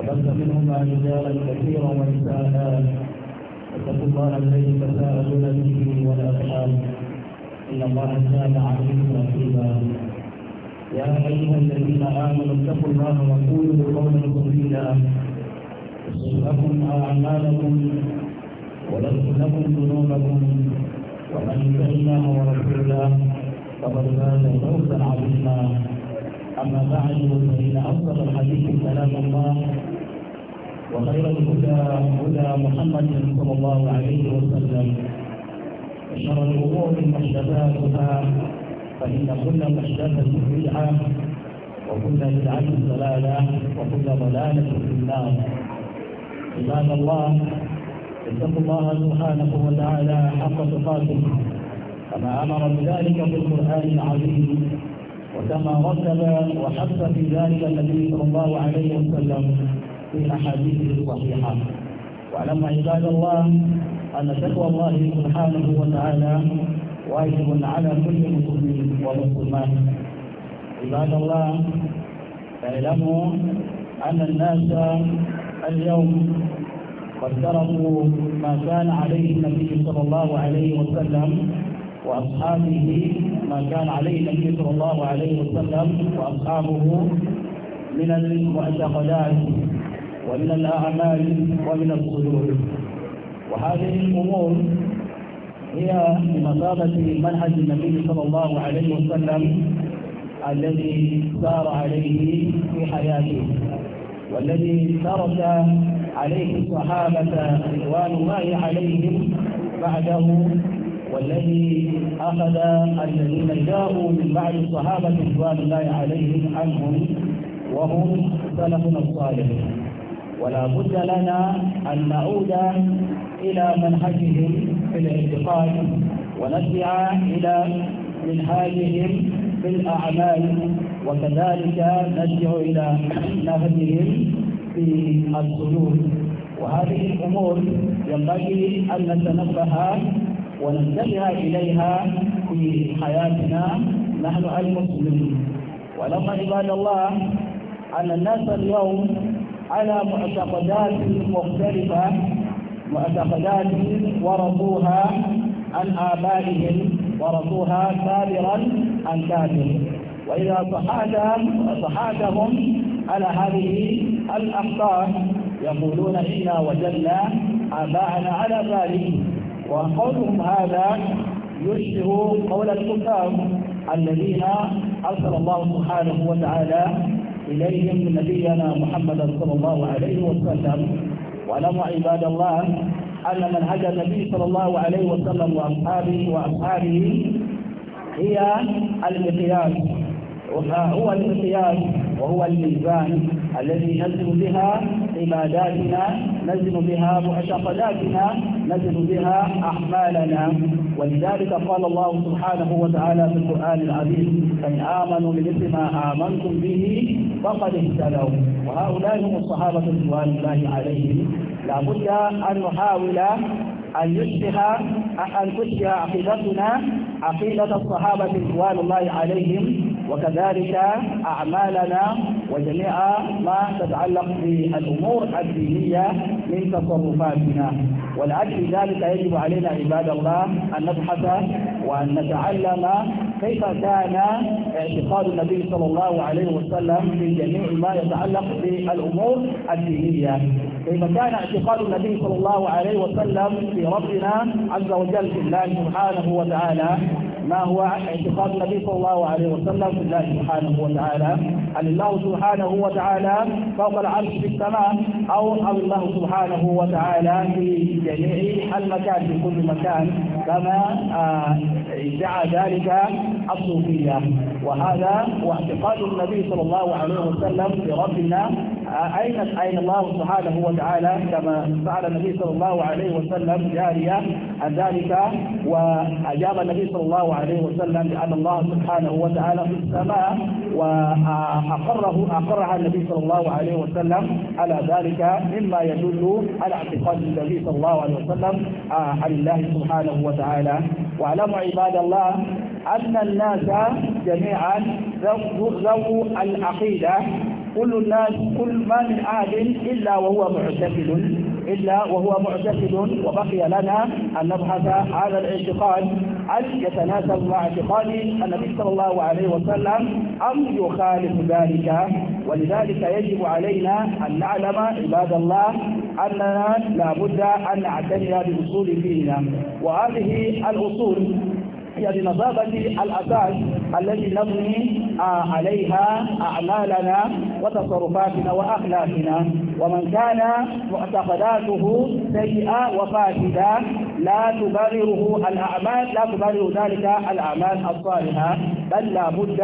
وقد منهما رجالا كثيرا ونساء واتقوا الله الذي تساءلون به والارحام ان الله كان عليكم رقيبا يا ايها الذين امنوا اتقوا الله وقولوا قولا سديدا يصلح لكم اعمالكم ويغفر لكم ذنوبكم ومن يطع الله ورسوله فقد فاز فوزا عظيما اما بعد فان اصدق الحديث كلام الله وخير الهدى هدى محمد صلى الله عليه وسلم وشر الامور محدثاتها فان كل محدثه بدعه وكل بدعه ضلاله وكل ضلاله في النار عباد الله اتقوا الله سبحانه وتعالى حق تقاته كما امر بذلك في القران العظيم وكما رتب وحث في ذلك النبي صلى الله عليه وسلم في أحاديثه الصحيحة واعلم عباد الله أن تقوى الله سبحانه وتعالى واجب على كل مسلم ومسلمات عباد الله اعلموا أن الناس اليوم قد تركوا ما كان عليه النبي صلى الله عليه وسلم وأصحابه ما كان عليه النبي صلى الله عليه وسلم وأصحابه من المعتقدات ومن الأعمال ومن الصدور وهذه الأمور هي بمثابة منهج النبي صلى الله عليه وسلم الذي سار عليه في حياته والذي ترك عليه الصحابة رضوان الله عليهم بعده والذي أخذ الذين جاءوا من بعد الصحابة رضوان الله عليهم عنهم وهم سلفنا الصالحين ولا بد لنا أن نعود إلى منهجهم في الاعتقاد ونسعى إلى منهاجهم في الأعمال وكذلك نسعى إلى نهجهم في السلوك وهذه الأمور ينبغي أن نتنبه وننتبه إليها في حياتنا نحن المسلمين ولما عباد الله أن الناس اليوم على معتقدات مختلفة معتقدات ورثوها عن آبائهم ورثوها كابرا عن كابر وإذا صحاتهم على هذه الأخطاء يقولون إنا وجدنا آباءنا على ذلك وقولهم هذا يشبه قول الكفار الذين أرسل الله سبحانه وتعالى إليهم نبينا محمد صلى الله عليه وسلم واعلموا عباد الله أن منهج النبي صلى الله عليه وسلم وأصحابه وأصحابه هي المقياس هو المقياس وهو الميزان الذي نزن بها عباداتنا نزن بها معتقداتنا نزن بها أعمالنا ولذلك قال الله سبحانه وتعالى في القرآن العظيم فإن آمنوا بمثل ما آمنتم به فقد اهتدوا وهؤلاء هم الصحابة رضوان الله عليهم لابد أن نحاول أن يشبه أن تشبه عقيدتنا عقيدة الصحابة رضوان الله عليهم وكذلك أعمالنا وجميع ما تتعلق بالأمور الدينية من تصرفاتنا والعكس ذلك يجب علينا عباد الله أن نبحث وأن نتعلم كيف كان اعتقاد النبي صلى الله عليه وسلم في جميع ما يتعلق بالأمور الدينية كيف كان اعتقاد النبي صلى الله عليه وسلم في ربنا عز وجل في الله سبحانه وتعالى ما هو اعتقاد النبي صلى الله عليه وسلم الله سبحانه وتعالى هل الله سبحانه وتعالى فوق العرش في السماء أو الله سبحانه وتعالى في جميع المكان في كل مكان كما ادعى آه، ذلك الصوفية وهذا واعتقاد النبي صلى الله عليه وسلم بربنا أين أين الله سبحانه وتعالى كما فعل النبي صلى الله عليه وسلم جارية عن ذلك وأجاب النبي صلى الله عليه وسلم بأن الله سبحانه وتعالى في السماء وأقره أقرها النبي صلى الله عليه وسلم على ذلك مما يدل على اعتقاد النبي صلى الله عليه وسلم آه، عن الله سبحانه وتعالى واعلموا عباد الله أن الناس جميعا ذو العقيدة كل الناس كل ما من عاد إلا وهو معتقد إلا وهو معتقد وبقي لنا أن نبحث هذا الاعتقاد هل يتناسب مع اعتقاد النبي صلى الله عليه وسلم أم يخالف ذلك ولذلك يجب علينا أن نعلم عباد الله أننا لابد أن نعتني بأصول ديننا وهذه الأصول هي بمثابة الأساس الذي نبني آه، عليها أعمالنا وتصرفاتنا وأخلاقنا ومن كان معتقداته سيئة وفاسدة لا تبرره الأعمال لا تبرر ذلك الأعمال الصالحة بل لا بد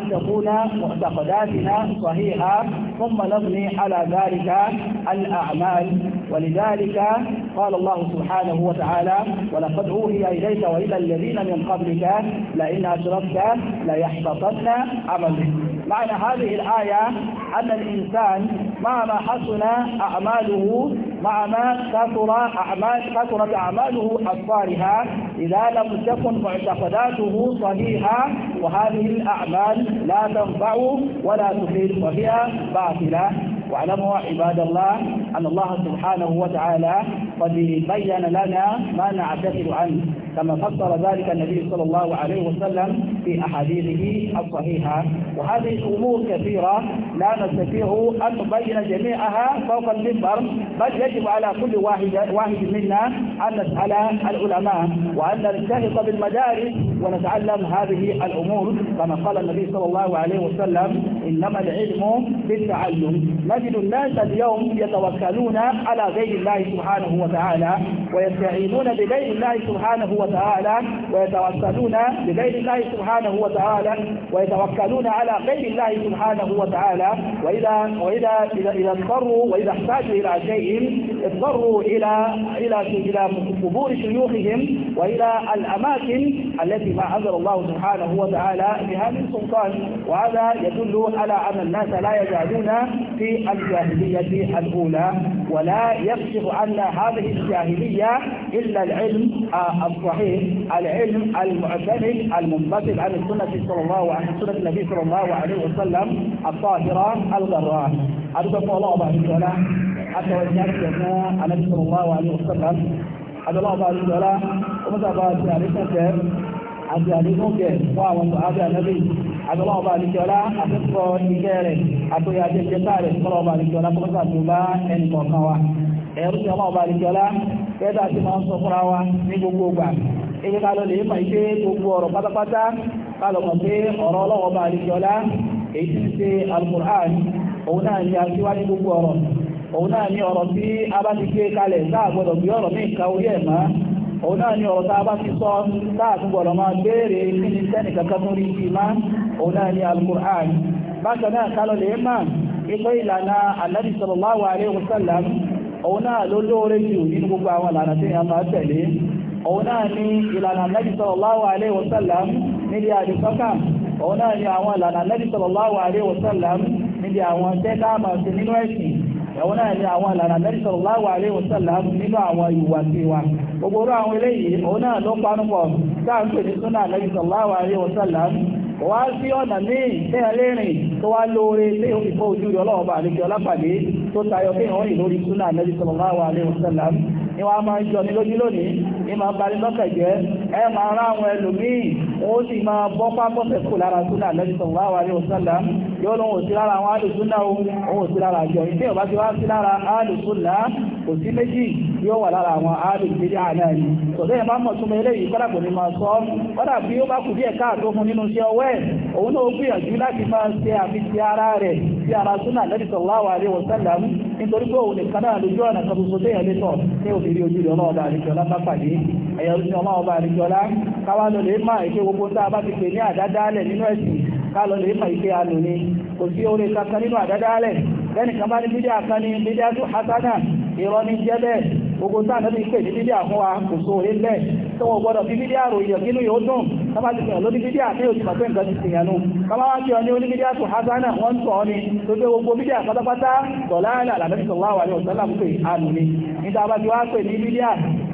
أن تكون معتقداتنا صحيحة ثم نبني على ذلك الأعمال ولذلك قال الله سبحانه وتعالى ولقد أوهي إليك وإلى الذين من قبلك لئن أشركت ليحبطن عملك معنى هذه الآية أن الإنسان مهما حسن أعماله مهما كثر أعمال كثرت أعماله الصالحة إذا لم تكن معتقداته صحيحة وهذه الأعمال لا تنفع ولا تفيد وهي باطلة واعلموا عباد الله أن الله سبحانه وتعالى قد بين لنا ما نعتقد عنه كما فسر ذلك النبي صلى الله عليه وسلم في أحاديثه الصحيحة وهذه أمور كثيرة لا نستطيع أن نبين جميعها فوق المنبر بل يجب على كل واحد, واحد منا أن نسأل العلماء وأن نلتهق بالمدارس ونتعلم هذه الأمور كما قال النبي صلى الله عليه وسلم إنما العلم بالتعلم نجد الناس اليوم يتوكلون على غير الله سبحانه وتعالى وتعالى ويستعينون بغير الله سبحانه وتعالى ويتوكلون بغير الله سبحانه وتعالى ويتوكلون على غير الله سبحانه وتعالى وإذا وإذا إذا, إذا اضطروا وإذا احتاجوا إلى شيء اضطروا إلى إلى إلى قبور شيوخهم وإلى الأماكن التي ما أنزل الله سبحانه وتعالى بها من سلطان وهذا يدل على أن الناس لا يزالون في الجاهلية الأولى ولا يكشف عنا هذا هذه الجاهلية إلا العلم آه، الصحيح العلم المعتمد المنبثل عن السنة صلى الله عليه سنة النبي صلى الله عليه وسلم الطاهرة الغراء أدوك الله أبا عز وجل أتوجهك جزاء النبي صلى الله عليه وسلم أدوك الله أبا عز وجل ومذا أبا عز وجل أدوك الله أبا عز وجل أدوك الله أبا الله أبا عز وجل أدوك الله أبا عز وجل أدوك الله أبا عز وجل أدوك الله عليه وسلم وجل أدوك الله أبا ẹ̀rù sí ọmọ ọba àdìjọ́lá kẹta àti máa ń sọ fúnra wa ní gbogbo ìgbà ebi ká lọ lè fà ike gbogbo ọ̀rọ̀ pátápátá ká lọ mọ̀ pé ọ̀rọ̀ ọlọ́wọ́ ọba àdìjọ́lá èyí ti ń ṣe alukur'an òun náà ní aṣíwájú gbogbo ọ̀rọ̀ òun náà ní ọ̀rọ̀ tí a bá ti gbé kalẹ̀ sáà gbọ́dọ̀ gbé ọ̀rọ̀ mí ka orí ẹ̀ mọ́ òun náà ni ọ̀rọ̀ tá a bá ti sọ láàtún gbọ́dọ̀ máa béèrè kí ni sẹ́nì kankan tó rí sí máa òun náà ni alukur'an bákan náà kálọ̀ lè máa ipò ìlànà alábi sallallahu alaihi wasallam òun náà ló lóore jù nínú gbogbo àwọn ìlànà tí èèyàn máa tẹ̀lé òun náà ni ìlànà Ànábì sallallahu alaihi níbi àdìsọ́kà òun náà ni àwọn ìlànà Ànábì sallallahu alaihi níbi àwọn tẹ́láàmà sí nínú ẹ̀sìn ẹ̀wọ́n náà ni àwọn ìlànà Ànábì sallallahu alaihi nínú àwọn wa gbogbo àwọn eléyìí òun náà ló panupọ̀ kò wá sí ọ̀nà míì tẹ́ ẹlẹ́rìn tó wá lóore tí ó fi kó ojú rẹ̀ ọlọ́ọ̀bà àlejò ọlápàdé tó tayọ pé ìwọ́n yìí lórí súnà nẹ́bí sallallahu alaihi wasallam ni wọ́n á máa ń jọ ní lójú lónìí ní máa ń balẹ̀ lọ́kàn jẹ́ ẹ máa rán àwọn ẹlòmíì wọ́n sì máa bọ́ pápọ̀sẹ̀ kù lára súnà Ànábì sallallahu alaihi wasallam yóò lóun ò sí lára àwọn alùsúnà òun ò sí lára àjọ ìdí ọ̀bá ti wá sí lára alùsúnà kò sí méjì yóò wà lára àwọn alùsúnà náà ni tòlẹ́ ẹ̀ máa mọ̀ súnmọ́ eléyìí kọ́dà kò ní máa sọ kọ́dà bí ó bá kù díẹ̀ káàtó fún nínú iṣẹ́ ọwọ́ ẹ̀ òun náà ó gbìyànjú láti máa ṣe àfihàn ara rẹ̀ sí ara súnà Ànábì sallallahu alaihi wasallam nítorí pé òun nìkan náà lójú ọ̀nà kan tó yẹ àríkíọlá káwá lọ lè máa ìpé gbogbo tá a bá ti pè ní àdádálẹ̀ nínú ẹ̀sìn ká lọ lè máa ìpé alò ni kò sí oore kankan nínú àdádálẹ̀ lẹ́nìkan bá ní bídíà kan ní bídíà tó hasana ìrọ́ ní jẹ́ bẹ́ẹ̀ gbogbo tá àná ti pè ní bídíà fún wa kò so oore bẹ́ẹ̀ tó wọ́n gbọ́dọ̀ fi bídíà ròyìn kínú yóò dùn tọ́bá ti pẹ̀lú ní bídíà ní òtù pàpẹ́ nǹkan ti sìyànú kọmá wá kí ọ ní oníbídíà tó hasana wọ́n ń tọ́ ni tó gbé gbogbo bídíà pátápátá dọ̀láàrín àlàmẹ́sọ̀láwà ní ọ̀sán láàmú ànú ni níta bá ti wá pè ní bídíà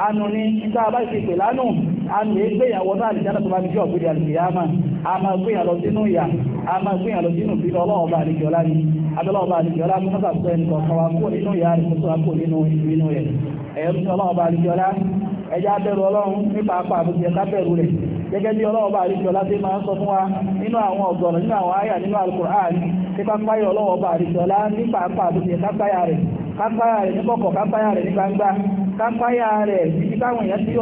ànú ni níta bá ti pè lánù a egbe gbéyàwó náà àlìjáná tó bá fi jọ ògbédè àlìkìyàmá a máa gbéyàn lọ sínú ìyà a máa gbéyàn lọ sínú ìfìlọ ọlọ́ọ̀bà àlìkìọ́lá ni abẹ́lọ́ọ̀bà àlìkìọ́lá mú mọ́sà sọ ẹnì kọ̀ọ̀kan wa kúrò nínú ìyá rẹ̀ kó nínú ìbínú rẹ̀ ẹ̀yọ́ sí ọlọ́ọ̀bà àlìkìọ́lá ẹjá bẹ̀rù ọlọ́run nípa apá àbújẹ ká rẹ̀ gẹ́gẹ́ bí ọlọ́ọ̀bà àríkìọ́lá tí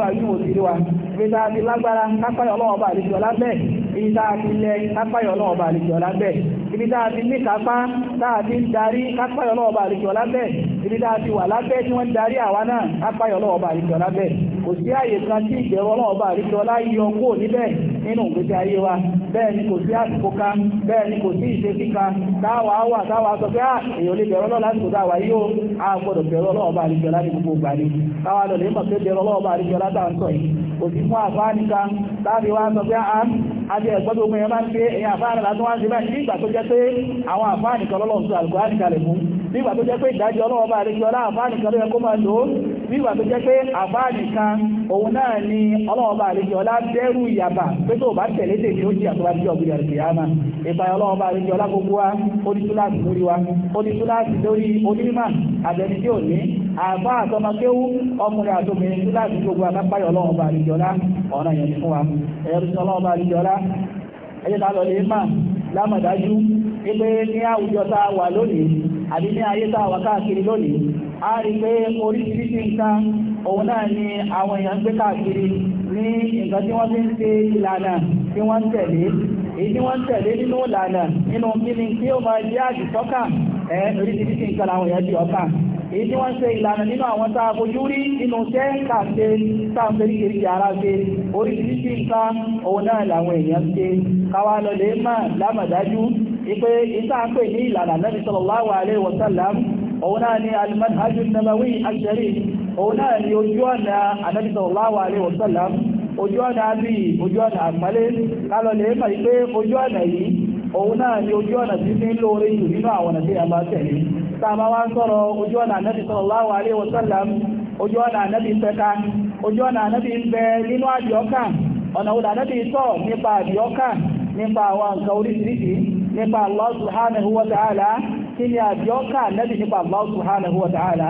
máa ń sọ ìgbésà ti lágbára kápáyọ̀ ọlọ́wọ́ bá àlejò lábẹ́ ibi tá a ti lẹ kápáyọ̀ ọlọ́wọ́ bá àlejò lábẹ́ ibi tá a ti ní kápá tá a ti ń darí kápáyọ̀ ọlọ́wọ́ bá àlejò lábẹ́ ibi tá a ti wà lábẹ́ tí wọ́n ń darí àwa náà kápáyọ̀ ọlọ́wọ́ bá àlejò lábẹ́ kò sí àyè kan tí ìbẹ̀rù ọlọ́wọ́ bá àlejò láyọ kó níbẹ̀ nínú ìgbésí ayé wa bẹ́ẹ̀ ni kò sí àsìkò kan bẹ́ẹ̀ ni kò sí ìṣe kíka táwa wà táwa sọ pé ah, èèyàn lè bẹ̀rù ọlọ́wọ́ lásìkò táwa yóò á gbọ́dọ̀ bẹ̀rù ọlọ́wọ́ bá àlejò láti gbogbo gbà ni táwa lọ lè mọ̀ pé bẹ̀rù ọlọ́wọ́ bá àlejò látà ń sọ yìí kò sí fún àfá nìkan láti wá sọ pé ah, a àti ẹ̀gbọ́n tó gbìyànjú bá ń pé èyàn àfá nìkan tó wá ń ṣe báyìí nígbà tó jẹ́ pé àwọn àfá nìkan lọ́lọ́sọ àlùkò á nìkan lè fún nígbà tó jẹ́ pé ìdájọ́ ọlọ́wọ́ bá rí ọlá àfáàní kan ló yẹ kó máa lò ó nígbà tó jẹ́ pé àfáàní kan òun náà ni ọlọ́wọ́ bá rí ọlá bẹ́rù ìyàbà pé tó bá tẹ̀lé tèmi ó jìyà tó bá jẹ́ ọ̀gbìn àti àmà ìpayà ọlọ́wọ́ bá rí ọlá gbogbo wa ó ní túláàsì lórí wa ó ní túláàsì lórí onímọ̀ àbẹni tí ò ní àbá àtọmọkéwú ọkùnrin àtọmọbìnrin túláàsì gbogbo àbápáyọ ọlọ́wọ́ bá rí ọlá ọ̀ràn yẹn fún wa ẹ̀rọ lámọ̀dájú wípé ní àwùjọ tá a wà lónìí àbí ní ayé tá a wà káàkiri lónìí a rí pé oríṣiríṣi nǹkan òun náà ni àwọn èèyàn gbé káàkiri ní nǹkan tí wọ́n fi ń ṣe ìlànà tí wọ́n ń tẹ̀lé èyí tí wọ́n ń tẹ̀lé nínú ìlànà nínú kíni tí ó máa jẹ́ àdìsọ́kà ẹ̀ oríṣiríṣi nǹkan làwọn èèyàn di ọ̀kà èyí tí wọ́n ń ṣe ìlànà nínú àwọn tá a fojú rí nínú iṣẹ́ káàṣe táàṣe kiri ara ṣe oríṣiríṣi nǹkan òun náà làwọn èèyàn ṣe káwa lọ lè mà lámàdájú ipe ìtàǹpè ní ìlànà Nabi sallallahu alaihi wasallam òun náà ni al-manhajun nabawi al òun náà ni ojú ọ̀nà Nabi sallallahu alaihi wasallam ojú ọ̀nà àbí ojú ọ̀nà àpọ́nlé kálọ̀ lè mọ̀ pé ojú ọ̀nà yìí òun náà ni ojú ọ̀nà tí ní lóore jù nínú àwọn ọ̀nà tí a bá tẹ̀lé tá a bá wá ń sọ̀rọ̀ ojú ọ̀nà ànábì sallallahu alaihi wasallam ojú ọ̀nà ànábì ń pẹ́ka ojú ọ̀nà ànábì ń bẹ nínú àdìọ́kà ọ̀nà òdà ànábì sọ̀ nípa àdìọ́kà nípa àwọn nǹkan oríṣiríṣi nípa Allah subhanahu wa ta'ala kí ni àdìọ́kà ànábì nípa Allah subhanahu wa ta'ala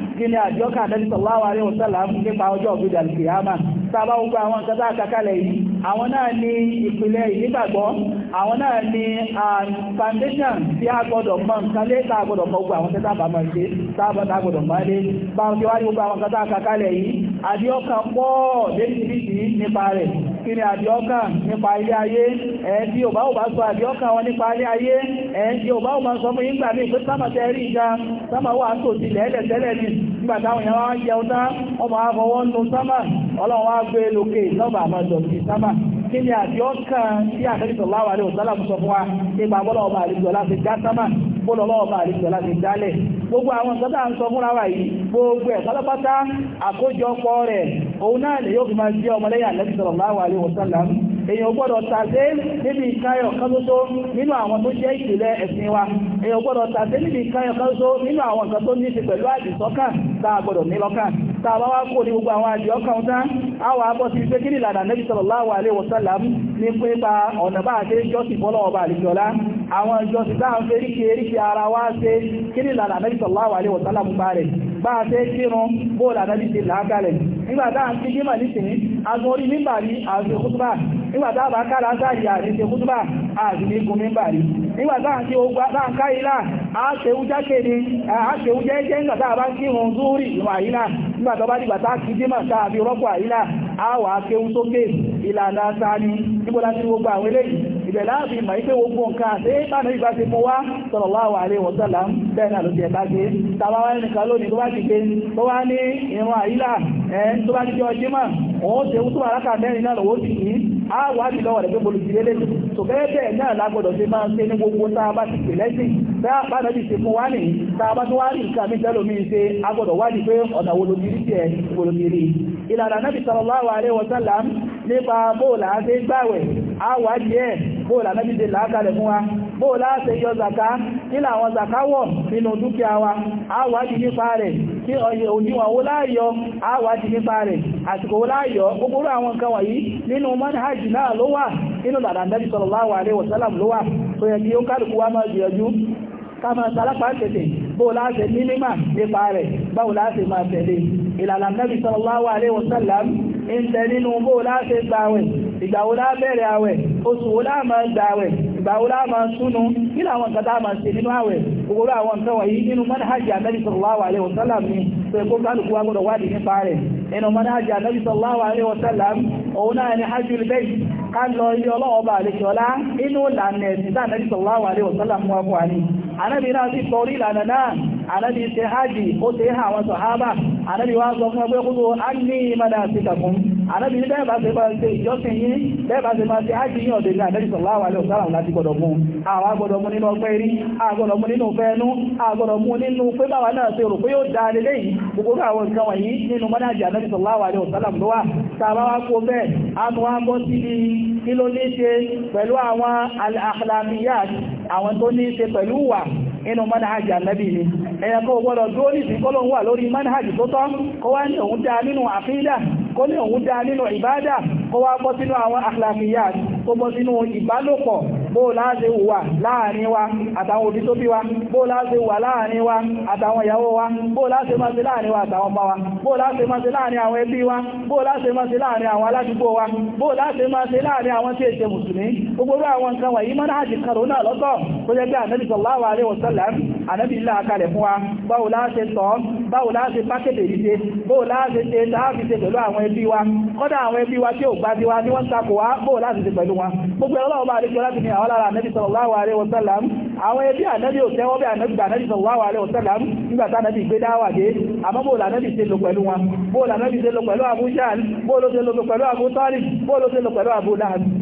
kí ni àjọ́kà Ànábì sallallahu alaihi wasallam nípa ọjọ́ ọ̀gbẹ́dà kìyàmà sábà gbogbo àwọn nǹkan tá a kàkálẹ̀ yìí àwọn náà ni ìpìlẹ̀ ìnígbàgbọ́ àwọn náà ni foundation tí a gbọ́dọ̀ mọ nǹkan lé tá a gbọ́dọ̀ mọ gbogbo àwọn tẹ́tà bàmọ̀ ṣe sábà tá a gbọ́dọ̀ mọ lé báwọn tí wá ní gbogbo àwọn nǹkan tá a kàkálẹ̀ yìí àdíọ́kàn pọ̀ lóríṣiríṣi nípa rẹ̀ kí ni àdíọ́kà nípa ilé ayé ẹ̀ẹ́dí òbá òbá sọ àdíọ́kà wọn nípa ilé ayé ẹ̀ẹ́dí òbá òbá sọ fún yíngbà ní ìpín sámàtẹ́ rí ìjà sámà wà tó ti lẹ́ẹ̀lẹ̀ tẹ́lẹ̀ nígbà táwọn èèyàn wá jẹun tá ọmọ afọwọ́ ń lo sámà ọlọ́run wá gbé e lókè sí sámà kí ni àdíọ́kà tí fún wa nípa ọba àlejò láti já sámà bọ́lọ̀ lọ́wọ́ bá àlejò láti dálẹ̀ gbogbo àwọn nǹkan tá à ń sọ fúnra wa yìí gbogbo ẹ̀ pátápátá àkójọpọ̀ rẹ̀ òun náà lè yóò fi máa jẹ́ ọmọlẹ́yà Ànábì sallallahu alaihi wasallam èyàn gbọ́dọ̀ tàṣe níbi ìkáyọ̀ kánútó nínú àwọn tó jẹ́ ìpìlẹ̀ ẹ̀sìn wa èyàn gbọ́dọ̀ tàṣe níbi ìkáyọ̀ kánútó nínú àwọn nǹkan ní ṣe pẹ̀lú àdìsọ́kàn tá a gbọ́dọ̀ ní lọ́kàn tàbá wá kò ní gbogbo àwọn àjọ kan tán a wà bọ́ pé kí ni ìlànà nẹ́bí sallallahu alaihi wasallam ní pípa ọ̀nà bá àti jọ́sìn fọ́lọ́ ọba àlejòlá àwọn jọ́sìn tá à ń fẹ́rí kí erí ara wá ṣe kí ni ìlànà nẹ́bí sallallahu alaihi wasallam bá rẹ̀ bá a fẹ́ kírun bóòlù ànábì ṣe làákàlẹ̀ nígbà tá à ń fi gímà nísìnyí agun nígbà ní àti kútùbà nígbàtá bá kára sáàrì àríṣe kútùbà àti ní gúnmí bàrí nígbàtá tí ó gbá láǹká ilá àṣewújákéde àṣewújẹ́ jẹ́ nígbàtá bá kí hun zúúrì ìwà àyílá nígbàtá bá dìgbàtá kí dímà tàbí rọ́pò àyílá àwà akéwú sókè ìlànà sáàrí nígbàtá tí gbogbo àwọn eléyìí ibẹ̀ láàbí ma ipé gbogbo nǹkan àti ìpànà sallallahu alaihi wasallam bẹ́ẹ̀ náà ló jẹ bá gbé tàbá wá nìkan lónìí tó bá ti gbé tó wá ní ìrún àyílà tó bá ti mẹ́rin náà lòwó sì yìí á wà ní lọ́wọ́ rẹ̀ pé mo lè fi lélẹ̀ tó bẹ́ẹ̀ bẹ́ẹ̀ náà lágbọ́dọ̀ ṣe máa ń ṣe ní gbogbo tá a bá ti pè lẹ́sìn bẹ́ẹ̀ bá náà ti ṣe fún wa nìyí tá a bá tún wá rí nǹkan mi tẹ́lò mi ṣe a gbọ́dọ̀ wá ní pé ọ̀nà wo lomiri tiẹ̀ wo lomiri ìlànà náà fi sallallahu alaihi wasallam nípa bóòlà á ṣe gbàwẹ̀ á wà díẹ̀ bóòlà mẹ́bíde làákàlẹ̀ fún wa bóòlà ṣe yọ zaka nílà àwọn zaka wọ̀ nínú dúkìá wa àwádìí nípa rẹ̀ tí ọyẹ òníwọ̀n owó láàyọ àwádìí nípa rẹ̀ àsìkò owó láàyọ gbogbo àwọn nǹkan wọ̀nyí nínú manhaj náà ló wà nínú lànà Nabi ló wà tó yẹ bóò láti mínímà nípa rẹ̀ báwo láti máa tẹ̀lé ìlànà Nabi sallallahu alaihi wasallam ń tẹ nínú bóò láti gbàwẹ̀ ìgbàwó lábẹ̀rẹ̀ àwẹ̀ oṣù wo láà máa gbàwẹ̀ ìgbàwó láà máa súnú kí làwọn nǹkan tá a máa ṣe nínú àwẹ̀ gbogbo àwọn nǹkan wọ̀nyí nínú manhaj Nabi sallallahu alaihi wasallam ni pé kó kálukú wa gbọ́dọ̀ wádìí nípa rẹ̀ nínú manhaj Nabi sallallahu alaihi wasallam òun náà ni hajjul anábì náà sì sọ orí ìlànà náà anábì ṣe hajji ó ṣe é hàn àwọn sàhábà anábì wá sọ fún ẹgbẹ́ kúrò á ní ìmọ̀dá sí kàkún ànábì ní bẹ́ẹ̀ bá ṣe máa ṣe ìjọsìn yín bẹ́ẹ̀ bá ṣe máa ṣe ájì yín ọ̀dẹ̀ ní ànábì sallallahu alaihi wasallam láti gbọ́dọ̀ mú àwọn agbọ́dọ̀ mú nínú ọgbẹ́ rí agbọ́dọ̀ mú nínú fẹ́ẹ́nú agbọ́dọ̀ mú nínú pé báwa náà ṣe rò pé yóò da lélẹ́ yìí gbogbo àwọn nǹkan wọ̀nyí nínú mọ́nájì ànábì sallallahu alaihi al-akhlaqiyat àwọn tó ní ṣe pẹ̀lú wà inú manhajì annabi ni ẹ̀yàn kó gbọ́dọ̀ dúró ní ìsìnkọ́lọ̀ wà lórí manhajì àkọlé òun dá nínú ìbádà kó wá bọ́ sínú àwọn akhlaqiyat kó bọ́ sínú ìbálòpọ̀ bó láti wà láàrin wa àtàwọn òbí tó bí wa bó láti wà láàrin wa àtàwọn ìyàwó wa bó láti máa ṣe láàrin wa àtàwọn ọmọ wa bó láti máa ṣe láàrin àwọn ẹbí wa bó láti máa ṣe láàrin àwọn aládùúgbò wa bó láti máa ṣe láàrin àwọn tí èṣe mùsùlùmí gbogbo àwọn nǹkan wọ̀nyí mọ́nájì kan lónà lọ́tọ̀ tó jẹ́ bí ànábì sallallahu alaihi wasallam ànábì ńlá àkàlẹ̀ fún wa báwo láṣe tọ́ báwo láṣe pákẹ́tẹ̀ ìdíje báwo láṣe ṣe tààfi ṣe pẹ̀lú àwọn ẹbí wa kọ́dà àwọn ẹbí wa tí ò gbá sí wa ní wọ́n takò wá báwo láṣe pẹ̀lú wọn gbogbo ẹ̀rọ bá àdéjọ láti ní àwọn lára ànábì sallallahu alaihi wasallam àwọn ẹbí anabi ò tẹ́wọ́ bí ànábì ànábì sallallahu alaihi wasallam nígbà tá ànábì gbé dáwà dé àmọ́ bóòlù ànábì ṣe lò pẹ̀lú wọn bóòlù ànábì ṣe lò pẹ̀lú Abu Jahl bóòlù ṣe lò pẹ̀lú Abu Talib bóòlù ṣe lò pẹ̀lú Abu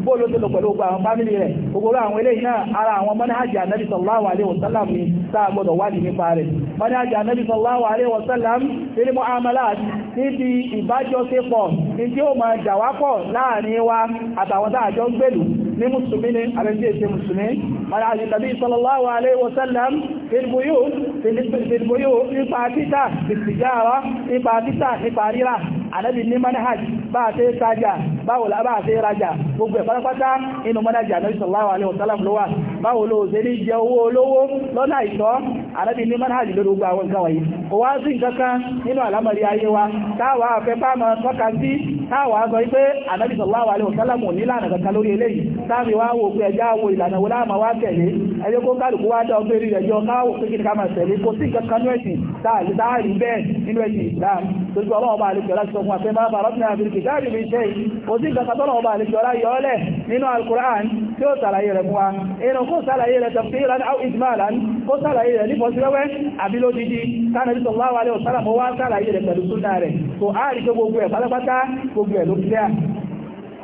bóòlù lò pẹ̀lú àwọn fámìlì rẹ̀ àwọn eléyìí náà ara àwọn manhaj ànábì sallallahu alaihi wasallam ni a gbọdọ̀ wádìí nípa rẹ̀ manhaj ànábì sallallahu alaihi wasallam nínú muamalat níbi ìbájọṣepọ̀ ní tí ó máa jà wá pọ̀ láàrin wa àtàwọn tá gbèlú ní mùsùlùmí ni àbẹ́sí èsì mùsùlùmí mara àjìtàbí sallallahu alaihi wasallam fìlbùyù nípa títà ìsìjára nípa títà nípa rírà ànábì ní manhaj bá a ṣe sájà báwo la bá a ṣe rajà gbogbo ẹ̀ pátápátá inú manhaj ànábì sallallahu alaihi wasallam ló wà báwo ló ṣe ní jẹ owó olówó lọ́nà àìtọ́ ànábì ní manhaj lórí gbogbo àwọn nǹkan wọ̀nyí kò wá sí nǹkan kan nínú àlámọ̀rí ayé wa táwa afẹ́ pàmọ́ tọ́ka sí táwa sọ pé ànábì sallallahu alaihi wasallam ní ìlànà kankan lórí eléyìí táàbí wá wò pé ẹjá wo ìlànà wo láàmà wá tẹ̀lé ẹjẹ́ kó kálùkù wá dá ọgbẹ́rí rẹ̀ jọ káwò pé kí ni ká máa tẹ̀lé kò sí nǹkan kan nú ẹ̀sìn táàrí bẹ́ẹ̀ nínú ẹ̀sìn Islam tó ti ọlọ́run bá àlùkò láti sọ fún àfẹ́ máa bàrọ́ ní àbìrìkì dáàrí bí iṣẹ́ yìí kò sí ìgbà katọ́nà ọba àlejò ọlá yọọlẹ̀ nínú alukur'an tí ó sàlàyé rẹ̀ fún wa inú kó sàlàyé rẹ̀ tafsiran aw ijmalan kó sàlàyé rẹ̀ nífọ́ sí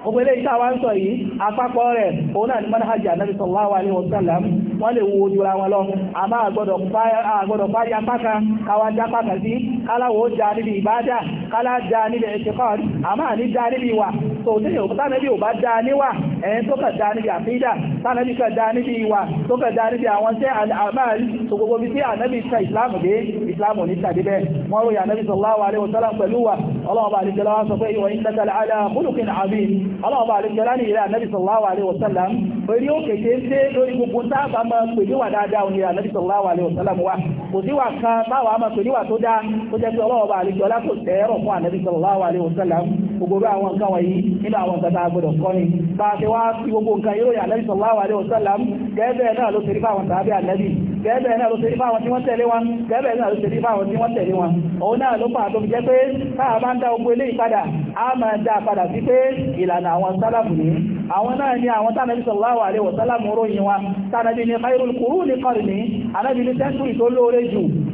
gbogbo ilé iṣẹ́ wa ń sọ yìí àpapọ̀ rẹ̀ òun náà ni manhaja nabi sallallahu alaihi wasallam wọ́n lè wo ojú ra wọn lọ àmọ́ àgbọ̀dọ̀ pa ya pákà káwa já pákà sí já níbi ìbádà kálá já níbi ẹ̀ṣẹ̀kọ́ àmọ́ àní já níbi ìwà tó tẹ́yìn òkú tánàbí ò bá dá níwà ẹ̀yìn tó kà dá níbi àfídà tánàbí kà dá níbi ìwà tó kà dá níbi àwọn tẹ́ àmàlì tó gbogbo bí tí ànábì ta ìsìláàmù dé ìsìláàmù ní tàbí bẹ́ẹ̀ sallallahu alaihi wasallam pẹ̀lú wa ọlọ́ọ̀bà àlejòlá wa sọ pé ìwọ̀n innaka la'ala khuluqin azim ọlọ́ọ̀bà àlejòlá sallallahu alaihi wasallam orí ó kèké ń dé lórí gbogbo táàbà máa pè níwà sallallahu alaihi wasallam wa kò síwà kan báwa máa pè níwà tó dáa tó jẹ́ sallallahu alaihi wasallam gbogbo àwọn nǹkan wọ̀nyí nínú àwọn nǹkan tàà gbọdọ̀ kọ́ ni bá ṣe wá fi gbogbo nǹkan yóò yà lẹ́bí sallallahu alaihi wasallam gẹ́gẹ́ náà ló ṣe rí fáwọn tàbí àlẹ́bí gẹ́gẹ́ náà ló ṣe rí fáwọn tí wọ́n tẹ̀lé wọn gẹ́gẹ́ náà ló ṣe rí fáwọn tí wọ́n tẹ̀lé wọn òun náà ló pàtó jẹ́ pé táà bá ń dá ogun eléyìí padà a máa dá padà sí pé ìlànà àwọn sálàfù ní àwọn náà ni àwọn tánàbí sallallahu alaihi wasallam ròyìn wa tánàbí ni khairul quruni ní sẹ́ńtúrì tó lóore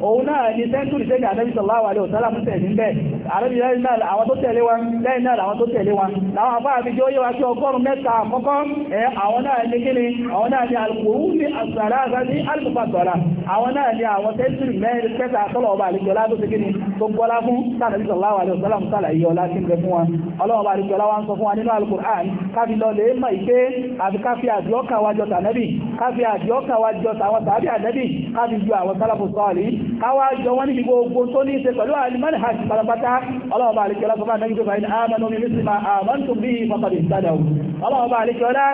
òun náà ni sẹ́ńtúrì sẹ́ni ànábì sallallahu alaihi wasallam tẹ̀lé ń bẹ̀ ànábì lẹ́yìn náà àwọn tó tẹ̀lé wa lẹ́yìn náà àwọn tó tẹ̀lé wa láwọn afá àfi jẹ́ ó yẹ wa sí ọgọ́rùn mẹ́ta àkọ́kọ́ ẹ àwọn náà ni kíni àwọn náà ni alùpùpù ní àṣàrà àti alùpùpàṣàrà àwọn náà ni àwọn sẹ́ńtúrì mẹ́rin kẹta tọ́lọ̀ ọba àlejòlá tó ti kíni tó gbọ́lá fún sànàbí sallallahu alaihi wasallam sàlàyé ọlá sí ń bẹ fún wa ọlọ́wọ́ bá àlejòlá wa ń sọ fún wa nínú káwà jọ wọ́n níbi gbogbo tó ní ṣe pẹ̀lú alimani hajj parapata ọlọ́ọ̀bá àríkẹ́lá fọ́fà náà jọba ìdá àmànà omi mísìmá àmàntò bí pàtàkì ìsádàwò ọlọ́ọ̀bá àríkẹ́lá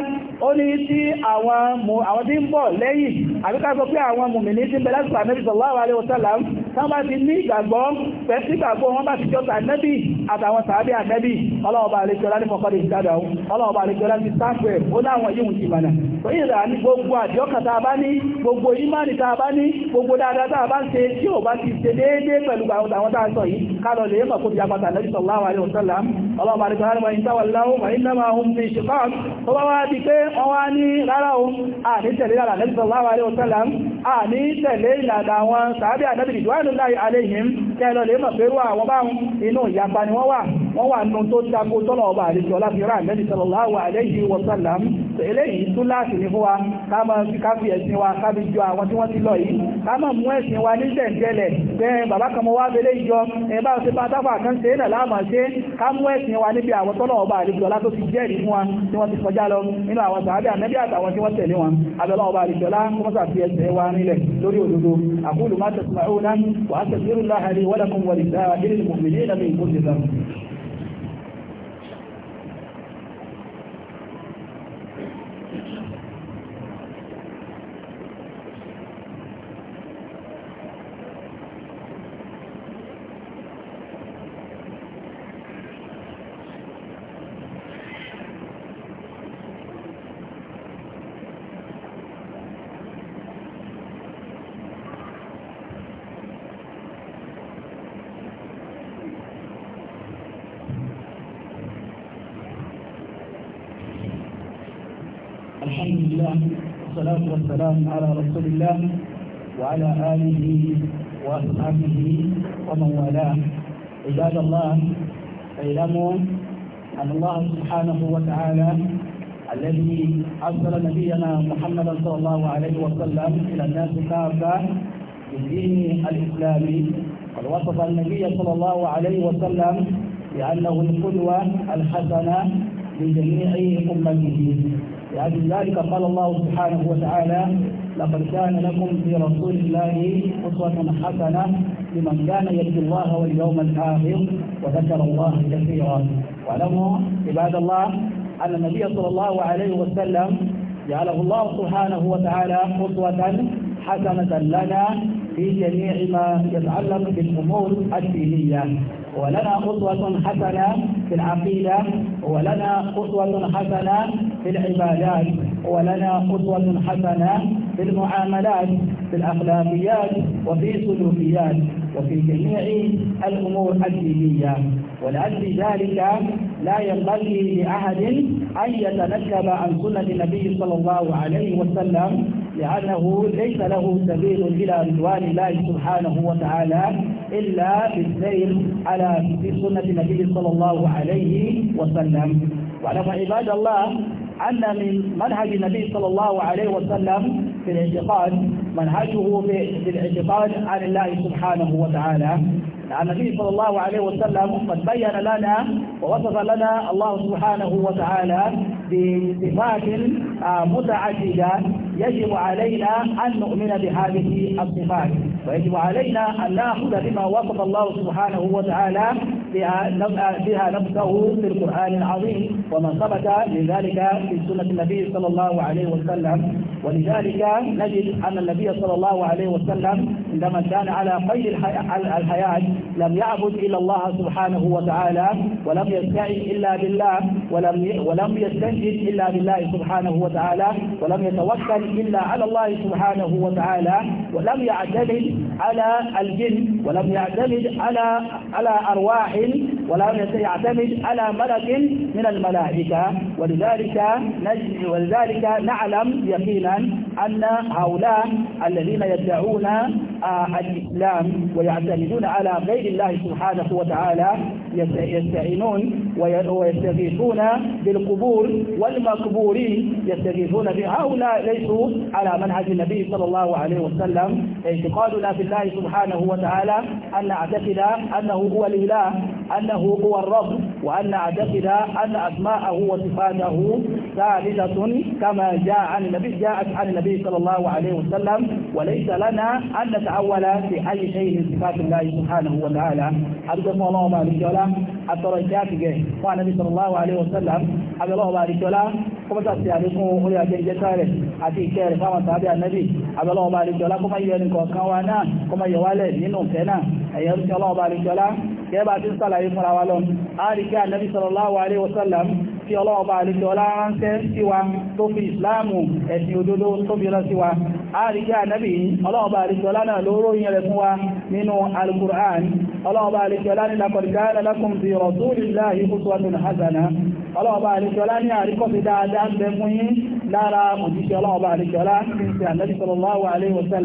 ó ní tí àwọn tí ń bọ̀ lẹ́yìn àbíká sọ pé àwọn mùmìnì tí ń bẹ lásìkò àmẹ́bí sallallahu alaihi wasallam tán bá ti ní ìgbàgbọ́ pẹ̀sí ìgbàgbọ́ wọn bá ti jọta nẹ́bì àtàwọn sàábì ànẹ́bì ọlọ́ọ̀bà àlejòlá ní mọ̀kọ́dé ìjádà ohun ọlọ́ọ̀bà àlejòlá ti sáàpẹ̀ ó láwọn yíhun ti mọ̀nà tó yìí rà ní gbogbo àjọkà tá a bá ní gbogbo ìmánì tá a bá ní gbogbo dáadáa tá a bá ń ṣe tí ò bá ti ṣe déédéé pẹ̀lú àwọn tá a sọ yìí kálọ̀ lè mọ̀ kó fi apata lẹ́bí sọ̀lá àwọn àlejò sọ̀lá ọlọ́ọ̀bà àlejòlá ní wọ́n tàwọn láwọn wà ní náà ohun fi ṣe kọ́ bá wá di pé wọ́n wá ní rárá ohun àti tẹ̀lé lára lẹ́bí sọ̀lá àwọn àlejò sọ̀lá a ní tẹ̀lé ìlànà àwọn sàábí àdábìrì duwanullahi alayhim kẹlọ lè mọ̀ pẹ̀lú àwọn báhùn inú ìyapa ni wọ́n wà wọ́n wà nù tó tako tọ́lọ̀ ọba àlejò ọláfíra àlẹ́bì sallallahu alayhi wa sallam eléyìí tó láti ní fún wa ká máa fi ká fi ẹ̀sìn wa ká fi jọ àwọn tí wọ́n ti lọ yìí ká máa mú ẹ̀sìn wa ní jẹ̀ǹjẹ̀lẹ̀ bẹ́ẹ̀ bàbá kan mọ́ wá fẹ́lẹ́ ìjọ ẹ̀ bá ṣe bá dáfà kan ṣe náà láàmà ṣe ká mú ẹ̀sìn wa níbi àwọn tọ́nà ọba àlejò ọlá tó ti jẹ́rìí fún wa tí wọ́n ti kọjá lọ nínú àwọn sàábẹ́ ànẹ́bí àtàwọn tí wọ́n tẹ̀lé wọn abẹ́lá ọba àlejò ọlá kó mọ́sà fi ẹsẹ̀ wa nílẹ̀ lórí òdodo àkúlù má tẹ̀sùmáà ó náà wà á tẹ̀sùmáà ó náà الله والصلاة والسلام على رسول الله وعلى آله وأصحابه ومن والاه عباد الله اعلموا أن الله سبحانه وتعالى الذي أرسل نبينا محمدا صلى الله عليه وسلم إلى الناس كافة بالدين الإسلامي قد وصف النبي صلى الله عليه وسلم بأنه القدوة الحسنة لجميع أمته لأجل ذلك قال الله سبحانه وتعالى لقد كان لكم في رسول الله أسوة حسنة لمن كان يرجو الله واليوم الآخر وذكر الله كثيرا واعلموا عباد الله أن النبي صلى الله عليه وسلم جعله الله سبحانه وتعالى أسوة حسنة لنا في جميع ما يتعلق بالأمور الدينية ولنا قدوه حسنة في العقيدة ولنا قدوه حسنة في العبادات ولنا قدوه حسنة في المعاملات في الأخلاقيات وفي السلوكيات وفي جميع الأمور الدينية ولأجل ذلك لا ينبغي لأحد أن يتنكب عن سنة النبي صلى الله عليه وسلم لأنه ليس له سبيل إلى رضوان الله سبحانه وتعالى إلا بالسير على في سنة النبي صلى الله عليه وسلم واعلم عباد الله أن من منهج النبي صلى الله عليه وسلم في الاعتقاد منهجه في الاعتقاد عن الله سبحانه وتعالى النبي صلى الله عليه وسلم قد بين لنا ووصف لنا الله سبحانه وتعالى بصفات آه، متعددة يجب علينا أن نؤمن بهذه الصفات ويجب علينا أن نأخذ بما وصف الله سبحانه وتعالى بها نفسه في القرآن العظيم وما ثبت لذلك في سنة النبي صلى الله عليه وسلم ولذلك نجد أن النبي صلى الله عليه وسلم عندما كان على قيد الحياة لم يعبد إلا الله سبحانه وتعالى ولم يستعن إلا بالله ولم ولم يستنجد إلا بالله سبحانه وتعالى ولم يتوكل إلا على الله سبحانه وتعالى ولم يعتمد على الجن ولم يعتمد على على أرواح ولم يعتمد على ملك من الملائكة ولذلك ولذلك نعلم يقينا أن هؤلاء الذين يدعون آه، الإسلام ويعتمدون على غير الله سبحانه وتعالى يستعينون ويستغيثون بالقبور والمقبورين يستغيثون بهؤلاء ليسوا على منهج النبي صلى الله عليه وسلم اعتقادنا في الله سبحانه وتعالى أن نعتقد أنه هو الإله أنه هو الرب وأن نعتقد أن أسماءه وصفاته ثابتة كما جاء عن النبي جاءت عن النبي النبي صلى الله عليه وسلم وليس لنا أن نتعول في أي شيء من صفات الله سبحانه وتعالى أرجو الله بارك ولا أترجاك وعن النبي صلى الله عليه وسلم أبي الله بارك ولا كما تأتي عليكم أولي أجل جساره àti ìkẹ́ rẹ̀ fáwọn tàbí ànábì abẹ́lọ́wọ́ba àlejòlá kó máa yẹ ẹni kọ̀ọ̀kan wa náà kó máa yẹ wálẹ̀ nínú ìfẹ́ náà ẹ̀yẹ ń tí ọlọ́wọ́ba àlejòlá gẹ́gẹ́ bá ti ń sàlàyé fúnra wa lọ. a rí kí ànábì sallallahu alaihi wasallam tí ọlọ́ọ̀bá àlejò ọlá ránṣẹ́ sí wa tó fi ìsìláàmù ẹ̀sìn òdodo tó fi rán sí wa a rí kí ànábì ọlọ́ọ̀bá àlejò ọlá náà ló ròyìn rẹ̀ fún wa nínú alukur'an ọlọ́ọ̀bá àlejò ọlá ní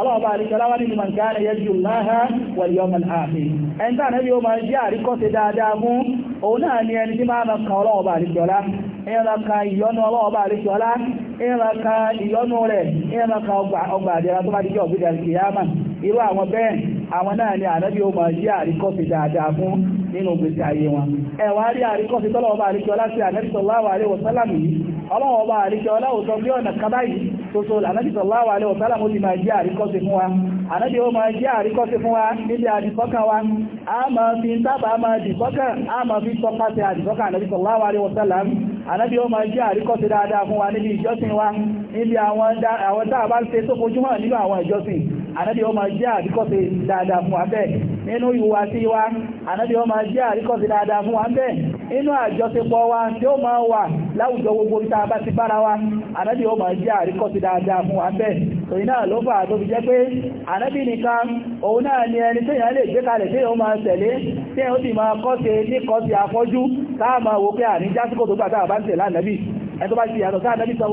ọlọ́ọ̀bá àríkọláwà nínú mọ̀kánà yẹjú láhá wàlíọ́mọ̀ ààfẹ́ ẹni tàà náà yóò máa jẹ́ àríkọ́sẹ̀ dáadáa fún òun náà ni ẹni tí máa nà kan ọlọ́ọ̀bá àríkọlá ìrànkan ìyọnu ọlọ́ọ̀bá àríkọlá ìrànkan ìyọnu rẹ̀ ìrànkan ọgbà àdẹ́ra tó bá díjọ́ òbídà kìyàmà irú àwọn bẹ́ẹ̀ àwọn náà ni ànábí ó máa jẹ́ àríkọ́sẹ̀ dáadáa fún nínú gbèsè ayé wọn ẹ̀wà rí àríkọ́sẹ̀ tọ́lọ́ọ̀bá àríkọlá sí ànábí sallallahu alaihi wasallam yìí ọlọ́ọ̀bá àríkọlá soso ànábì sallallahu alaihi wasallam ó sì máa jẹ́ àríkọ́sí fún wa ànábì ó máa jẹ́ àríkọ́sí fún wa níbi àdìsọ́kàn wa a máa fi sábà máa dìsọ́kàn a máa fi tọ́pàṣẹ àdìsọ́kàn ànábì sallallahu alaihi wasallam ànábì ó máa jẹ́ àríkọ́sí dáadáa fún wa níbi ìjọsìn wa níbi àwọn tá a bá ń ṣe tó fojú hàn nínú àwọn ìjọsìn ànábì ó máa jẹ́ àríkọ́sí dáadáa fún wa bẹ́ẹ̀ nínú ìhùwàsí wa ànábì ó máa jẹ́ àríkọ́sí dáadáa fún wa bẹ́ẹ̀ inú àjọṣepọ̀ wa tí ó máa wà láwùjọ gbogbo tá a bá ti bára wa ànábì ó máa jẹ́ àríkọ́sí dáadáa fún wa bẹ́ẹ̀ tòyí náà ló fà tó fi jẹ́ pé ànábì nìkan òun náà ni ẹni téèyàn lè gbé kalẹ̀ téèyàn ó máa tẹ̀lé téèyàn sì máa a máa wo pé tó gbà tá a bá ń tẹ̀lé ànábì ẹni tó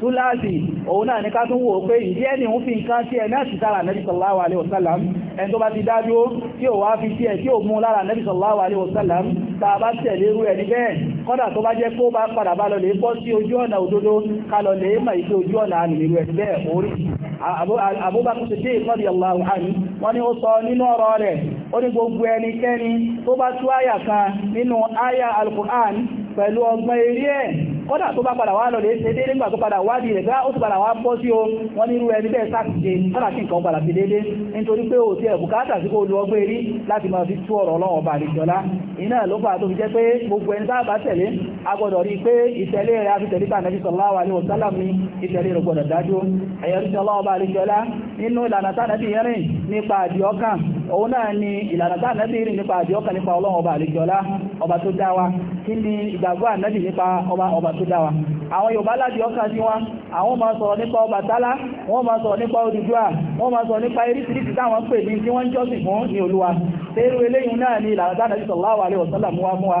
túláàsì òun náà ní ká tún wò pé ìdí ẹni òun fi nǹkan tí ẹ̀ náà sì sára nẹ́bí sallallahu alaihi wasallam ẹni tó bá ti dájú tí ò wá fi tí ẹ̀ tí ò mú lára nẹ́bí sallallahu alaihi wasallam tá a bá tẹ̀lé irú ẹni bẹ́ẹ̀ kọ́dà tó bá jẹ́ kó bá padà bá lọ lè sí ojú ọ̀nà òdodo ká mà ìṣe ojú ọ̀nà àmì ẹni bẹ́ẹ̀ orí Abubakar Siddiq radiyallahu anhu wọ́n ní ó sọ nínú ọ̀rọ̀ rẹ̀ ó ní gbogbo ẹnikẹ́ni tó bá tú àyà kan nínú àyà al-Qur'an pẹ̀lú ọgbọ́n eré ẹ̀ kọ́dà tó bá padà wá lọ lè ṣe déédé nígbà tó padà wádìí rẹ̀ gbá ó sì padà wá bọ́ sí o wọ́n ní irú ẹni bẹ́ẹ̀ sáàkìdé kọ́dà kí nǹkan padà fi déédé nítorí pé ò ti ẹ̀ bùkátà sí kó lu ọgbẹ́ rí láti máa fi tú ọ̀rọ̀ ọlọ́wọ̀n ọba àlejòlá iná ló fà tó fi jẹ́ pé gbogbo ẹni sábà tẹ̀lé a gbọ́dọ̀ rí i pé ìtẹ̀lé rẹ̀ àti tẹ̀lé bá nàbí sallallahu alaihi ní òun náà ni ìlànà tá ànábì rìn nípa àjọ nípa ọlọ́run ọba àlejòọlá ọba tó dá kí ni ìgbàgbọ́ ànábì nípa ọba ọba tó dá wa àwọn yorùbá láti ọkàn sí wọn àwọn máa sọ̀rọ̀ nípa Ọbàtálá wọ́n máa sọ̀rọ̀ nípa Odùduwà wọ́n máa sọ̀rọ̀ nípa eréṣiríṣi táwọn pè ní tí wọ́n ń jọ́sìn fún ní olúwa tẹ́rù eléyìn náà ni ìlànà tá ànábì sallallahu alaihi wasallam mú wa mú wa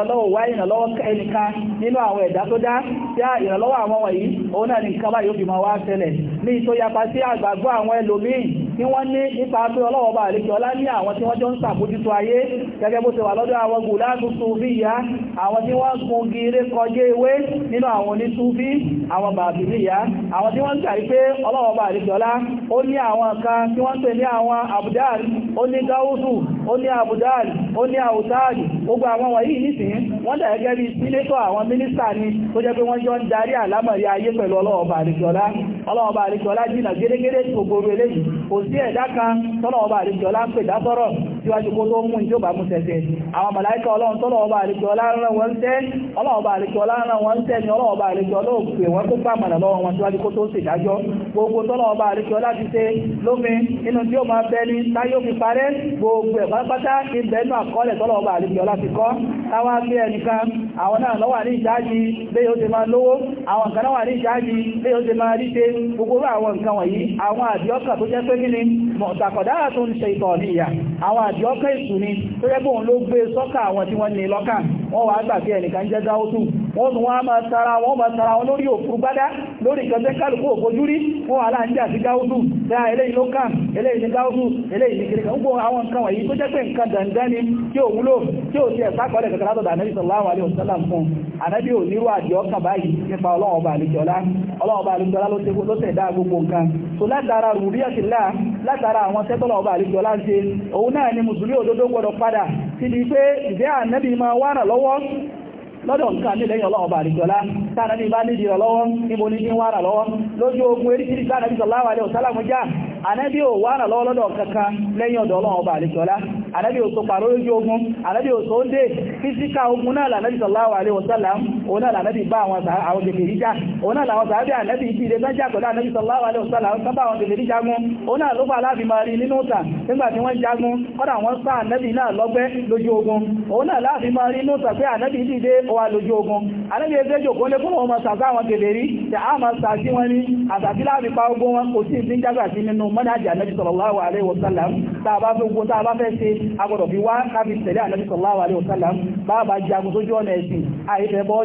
ọlọ́wọ̀ wá ìrànlọ́wọ́ ẹnìkan nínú àwọn ẹ̀dá tó dá tí a ìrànlọ́wọ́ àwọn wọ̀nyí òun náà ní nǹkan yóò ó fi máa wá ṣẹlẹ̀ ní ìtòyapa sí àgbàgbọ́ àwọn ẹlòmíì tí wọ́n ní nípa pé ọlọ́wọ́ bá àríkẹ́ ọlá ní àwọn tí wọ́n jọ ń sàbójútó ayé gẹ́gẹ́ bó ṣe wà lọ́dọ̀ àwọn gùláàtù súfí ìyá àwọn tí wọ́n gun gire kọjé ewé nínú àwọn onítúfí àwọn bàbí ìyá àwọn tí wọ́n ń tàrí pé ọlọ́wọ́ bá àríkẹ́ ọlá ó ní àwọn kan tí wọ́n pè ní àwọn àbùdáàl ó ní gáúsù ó ní àbùdáàl ó ní àwùtáàl gbogbo àwọn wọ̀nyí nísìn wọ́n dà gẹ́gẹ́ bí sínétọ̀ àwọn mínísítà ni tó jẹ́ pé wọ́n jọ ń darí àlámọ̀rí ayé pẹ̀lú ọlọ́wọ́ bá àríkẹ́ ọlá ọlọ́wọ́ bá àríkẹ́ ọlá jìnà gẹ́gẹ́gẹ́ gbogbo eléyìí sí ẹ̀dá kan tọ́lọ̀ ọba àríjọ láńpẹ̀ dásọ́rọ̀ síwájú kó tó mú ìjọba mú tẹ̀tẹ̀ àwọn màláíkà ọlọ́run tọ́lọ̀ ọba àríjọ láńrán wọn tẹ́ ọlọ́ọba àríjọ láńrán wọn tẹ́ ni ọlọ́ọba àríjọ lóòpẹ̀ wọn tó wọn ọba kíni mọ̀tàkọ̀dá àtúnṣe ìtọ̀ níyà àwọn àjọ́kẹ́ ìsúni tó yẹ bóun ló gbé sọ́kà àwọn tí wọ́n ní lọ́kà wọ́n wá gbà bí ẹnìkan jẹ́ dáwọ́tù wọ́n tún wọ́n máa tara wọ́n máa tara wọn lórí òfurú gbádá lórí ìkẹ́sẹ́ kálùkù òfojú rí wọ́n wà láàájú àti gáúsù dá eléyìí ló kàn eléyìí ní gáúsù eléyìí ní kìrìkà gbogbo àwọn nǹkan wọ̀nyí tó jẹ́ pé nǹkan dandan ni tí ò wúlò tí ò alaihi wasallam fún ànábì ò nírú àjọ kan báyìí nípa ọlọ́run ọba àlejòlá ọlọ́run ọba àlejòlá ló tẹ́kọ́ ló tẹ̀dá gbogbo nǹkan tó látara rùbíyàtìlá látara àwọn tẹ́tọ́lọ̀ ni mùsùlùmí òdodo gbọdọ̀ padà ti di pé ìdí ànábì lọ́wọ́ lọ́dọ̀ nǹkan ní lẹ́yìn ọlọ́wọ́ bá àríjọlá tánàbí bá nídìí ọlọ́wọ́ níbo ní ń wára lọ́wọ́ lójú ogun eréṣìí tánàbí sallallahu alaihi wasallam já ànábí ò wára lọ́wọ́ lọ́dọ̀ kankan lẹ́yìn ọ̀dọ̀ ọlọ́wọ́ bá àríjọlá ànábí ò tó pàrọ̀ lójú ogun ànábí ò tó ń dé físíkà ogun náà lànábí sallallahu alaihi wasallam òun náà lànábí bá àwọn àwọn kèfèrí jà òun náà làwọn sàábí ànábí ibi ilé sájà pẹ̀lú ànábí sallallahu alaihi wasallam sábà àwọn kèfèrí jagun òun náà ló fà láàfin máa rí nínú ìtàn nígbà tí wọ́n jagun kọ́dà wọ́n sá ànábí náà wá lójú ogun alẹ́bí ẹgbẹ́ jòkó lé fún ọmọ sàtà àwọn kèbèrí tẹ a máa sàtí wọn ní àtàtí láàrin pa ogun wọn kò sí ìdí jágbà sí nínú mọ́nájì Ànábì ogun tàbá fẹ́ ṣe agbọ́dọ̀ fi wá káfí tẹ̀lé Ànábì sallallahu alaihi wasallam bàbá jagun sójú ọ̀nà ẹ̀sìn àìfẹ́bọ́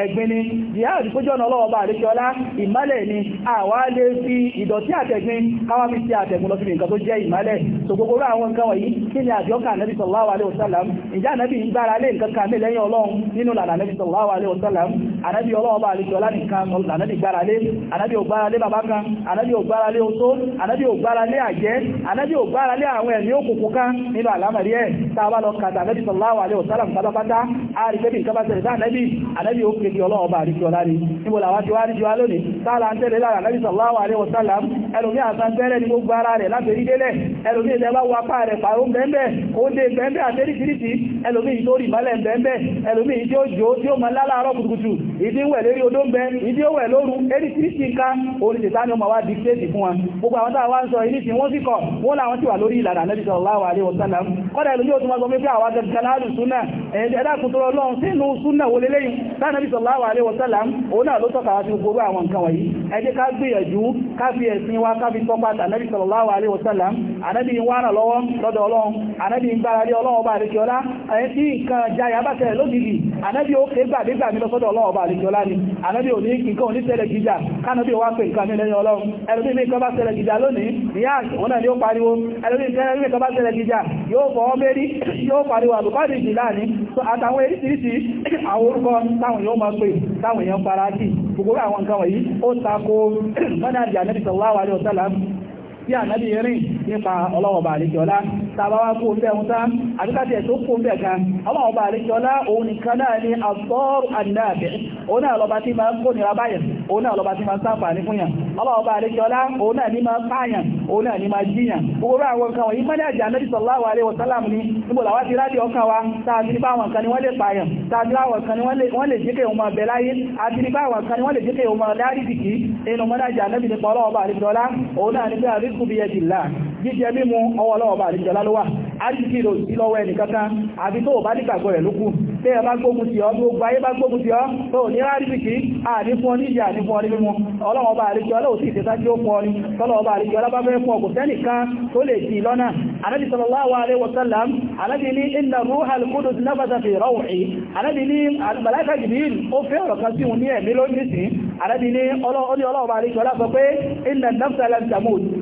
ah, fi jihad kójọ́ ọ̀nà ọlọ́ọ̀bá àríkíọlá ìmálẹ̀ ni àwa lè fi ìdọ̀tí àtẹ̀gbin káwá fi sí àtẹ̀gbin lọ sí nǹkan tó jẹ́ ìmálẹ̀ so gbogbo àwọn nǹkan wọ̀nyí kí ni àjọkà nẹ́bí sallallahu alaihi wasallam ìjà nẹ́bí ń gbára lé nǹkan kan lẹ́yìn ọlọ́run nínú lànà nẹ́bí sallallahu alaihi wasallam ànábì ọlọ́ọ̀bá àríkíọlá nìkan lànàbí gbára lé ànábì ò gbára lé bàbá kan ànábì ò gbára lé oṣó ànábì ò gbára lé àjẹ́ ànábì ò gbára lé àwọn alaihi wasallam pátápátá a rí pé bí nǹkan bá ṣẹlẹ̀ sáà ríṣi ọlá rí níbo làwọn ti wá ríṣi wá lónìí sáàlà ń tẹ́lẹ̀ lára Nabi sallallahu alaihi wasallam ẹlòmí àsán tẹ́lẹ̀ ní gbogbo ara rẹ̀ láti rí délẹ̀ ẹlòmí ilẹ̀ bá wapá rẹ̀ pàró bẹ́ẹ̀bẹ́ oúnjẹ bẹ́ẹ̀bẹ́ àtẹ́ríṣiríṣi ẹlòmí yìí tó rí mọ́lẹ̀ bẹ́ẹ̀bẹ́ ẹlòmí yìí tí ó jò tí ó mọ lálàárọ̀ kùtùkùtù ìdí wẹ̀ lórí odó ń bẹ ìdí ó wẹ̀ lóru eríṣiríṣi nǹkan oníṣẹ̀tá ni ó máa wá dictate fún wa gbogbo àwọn táwa ń sọ ìrísí wọ́n sì kọ̀ wọ́n làwọn ti wà lórí ìlànà Nabi sallallahu alaihi wasallam kọ́dà ìlú yóò tún máa sọ pé àwọn gẹ̀gẹ̀ láàrùn súnà ẹ̀ẹ́dẹ́dàkùn tó rọ lọ́run sínú súnà wọlé lẹ́yìn tánàbí sallallahu alaihi wasallam wasallam òun náà ló tọ́ka àti gbogbo àwọn nǹkan wọ̀nyí ẹ jẹ́ ká gbìyànjú ká fi ẹ̀sìn wa ká fi tọ́pa ànábì sallallahu alaihi wasallam ànábì ń wánà lọ́wọ́ lọ́dọ̀ ọlọ́run ànábì ń gbára lé ọlọ́run ọba àríkíọlá ẹ̀yìn tí nǹkan jayà bá tẹ̀lẹ̀ lójijì ànábì ó ké gbà nígbà lọ́sọ́dọ̀ ọlọ́run ọba àríkíọlá ni ànábì ò ní nǹkan ò ní tẹ̀lẹ̀ gíjà kánábì wá pé nǹkan mi lẹ́yìn ọlọ́run ẹlòmí mi kan bá tẹ̀lẹ̀ gíjà lónìí ìyá òun náà ni ó pariwo ẹlòmí mi táwọn èèyàn fara sí gbogbo àwọn nǹkan wọ̀nyí ó tako mọ́nà àbí ànábì sallallahu alaihi wasallam tí ànábì rìn nípa ọlọ́wọ̀bà àríkẹ́ọlá tàbáwá kó fẹ́ ohun tán àríkàtí ẹ̀ tó kó fẹ́ kan ọlọ́wọ̀bà àríkẹ́ọlá òun nìkan náà ni àtọ́rù àdáàbẹ̀ òun náà lọba tí máa ń kó nira báyẹ̀ òun náà lọba tí máa ń sáfàní fún yàn ọlọ́wọ̀bà àríkẹ́ọlá òun náà ní máa pààyàn òun náà ní máa jíyàn gbogbo àwọn nǹkan wọ̀nyí mọ́ni àjà ànábì sallallahu alaihi wasallam ni níbo làwá ti rádìí ọkàn wa tààtì ní báwọn kan ni wọ́n lè pààyàn tààtì láwọn kan ni wọ́n lè jíkẹ́ òun máa bẹ̀ láyé àti ní báwọn kan ni wọ́n lè jíkẹ́ òun máa dárí bìkì inú mọ́ni àjà ànábì nípa ọlọ́wọ̀bà àríkẹ́ọlá òun náà ní bí àrí rísíkù bí ẹjì láà jíjẹ mímú ọwọ́ ọlọ́ọ̀bá àríjọ lálówà àríjì lò sí lọ́wọ́ ẹnìkankan àbí tó bá nígbàgbọ́ rẹ̀ lókù tí ẹ bá gbógun tí ọ gbogbo ayé bá gbógun tí ọ tó ní ráríkì àní fún ọní àní fún ọní mímú ọlọ́wọ́ bá àríjọ sí ìtẹ́ta tí ó fún ọní